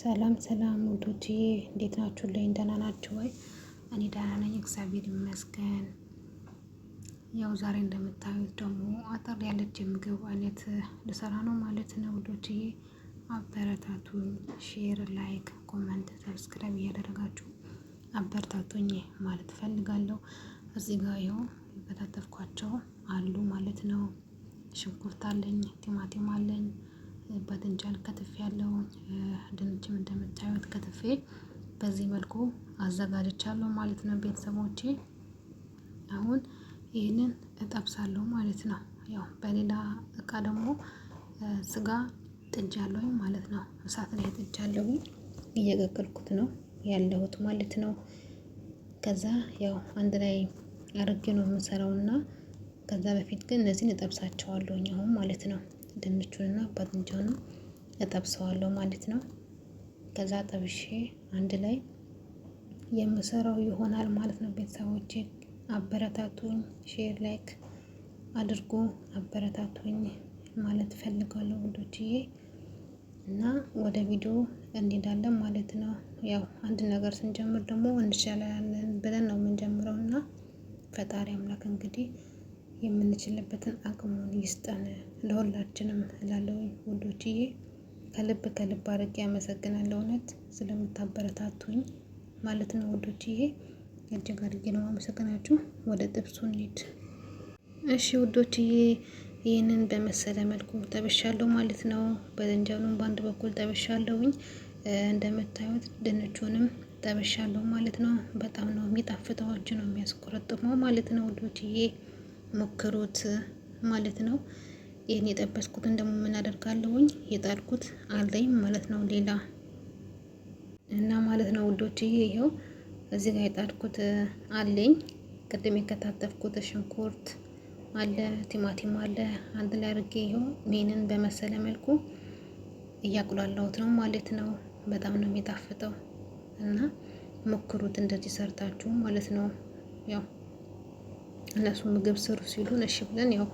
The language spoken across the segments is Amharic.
ሰላም ሰላም ውዶችዬ እንዴት ላይ ደህና ናችሁ ወይ? እኔ ደህና ነኝ እግዚአብሔር ይመስገን። ያው ዛሬ እንደምታዩት ደግሞ አጠር ያለች የምግብ አይነት ልሰራ ነው ማለት ነው ውዶችዬ። አበረታቱኝ፣ ሼር፣ ላይክ፣ ኮመንት፣ ሰብስክራይብ እያደረጋችሁ አበረታቱኝ ማለት ፈልጋለሁ እዚህ ጋር ይኸው የከታተፍኳቸው አሉ ማለት ነው። ሽንኩርት አለኝ፣ ቲማቲም አለኝ፣ በድንጃል ከትፍ ያለው ድንችም እንደምታዩት ከትፌ በዚህ መልኩ አዘጋጅቻለሁ ማለት ነው ቤተሰቦቼ። አሁን ይህንን እጠብሳለሁ ማለት ነው። ያው በሌላ እቃ ደግሞ ስጋ ጥጃለሁኝ ማለት ነው። እሳት ላይ ጥጃለሁ፣ እየቀቀልኩት ነው ያለሁት ማለት ነው። ከዛ ያው አንድ ላይ አርጌ ነው የምሰራው እና ከዛ በፊት ግን እነዚህን እጠብሳቸዋለሁኝ አሁን ማለት ነው። ድንቹንና ባጥንጃውን እጠብሰዋለሁ ማለት ነው። ከዛ ጠብሼ አንድ ላይ የምሰራው ይሆናል ማለት ነው። ቤተሰቦቼ አበረታቱኝ፣ ሼር ላይክ አድርጎ አበረታቱኝ ማለት ፈልጋለሁ ውዶችዬ እና ወደ ቪዲዮ እንሄዳለን ማለት ነው። ያው አንድ ነገር ስንጀምር ደግሞ እንችላለን ብለን ነው የምንጀምረው እና ፈጣሪ አምላክ እንግዲህ የምንችልበትን አቅሙን ይስጠን ለሁላችንም እላለሁ ውዶችዬ። ከልብ ከልብ አድርጌ አመሰግናለሁ እውነት ስለምታበረታቱኝ ማለት ነው ውዶችዬ። እጅግ አድርጌ ነው አመሰግናችሁ። ወደ ጥብሱ እንሂድ። እሺ ውዶችዬ ይህንን በመሰለ መልኩ ጠብሻለሁ ማለት ነው። በዘንጀሉን በአንድ በኩል ጠብሻለሁኝ እንደምታዩት ድንቹንም ጠብሻለሁ ማለት ነው። በጣም ነው የሚጣፍጠው፣ እጅ ነው የሚያስቆረጥመው ማለት ነው ይሄ ሞክሩት ማለት ነው። ይህን የጠበስኩትን ደግሞ ምን አደርጋለሁኝ የጣልኩት አለኝ ማለት ነው ሌላ እና ማለት ነው ውዶች፣ ይሄው እዚህ ጋር የጣልኩት አለኝ። ቅድም የከታተፍኩት ሽንኩርት አለ፣ ቲማቲም አለ። አንድ ላይ አድርጌ ይኸው ሜንን በመሰለ መልኩ እያቁላላሁት ነው ማለት ነው። በጣም ነው የሚጣፍጠው እና ሞክሩት እንደዚህ ሰርታችሁ ማለት ነው። ያው እነሱ ምግብ ስሩ ሲሉን እሺ ብለን ያው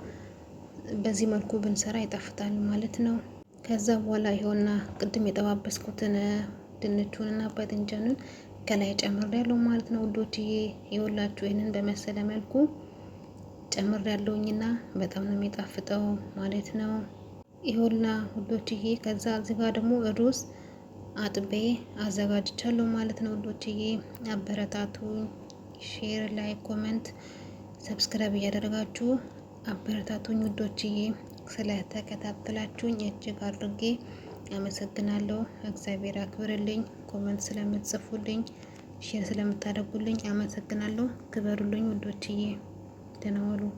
በዚህ መልኩ ብንሰራ ይጣፍጣል ማለት ነው። ከዛ በኋላ ይሄውና ቅድም የጠባበስኩትን ድንቹንና ባድንጃኑን ከላይ ጨምር ያለው ማለት ነው ውዶችዬ። ይኸውላችሁ ይህንን በመሰለ መልኩ ጨምር ያለውኝና በጣም ነው የሚጣፍጠው ማለት ነው። ይኸውና ውዶችዬ፣ ከዛ እዚህ ጋር ደግሞ ሩዝ አጥቤ አዘጋጅቻለሁ ማለት ነው ውዶችዬ። አበረታቱ፣ ሼር ላይ ኮመንት፣ ሰብስክራይብ እያደረጋችሁ አበረታቱኝ ውዶችዬ። ስለተከታተላችሁኝ እጅግ አድርጌ አመሰግናለሁ። እግዚአብሔር አክብርልኝ። ኮመንት ስለምትጽፉልኝ፣ ሼር ስለምታደርጉልኝ አመሰግናለሁ። ክበሩልኝ ውዶችዬ። ደህና ዋሉ።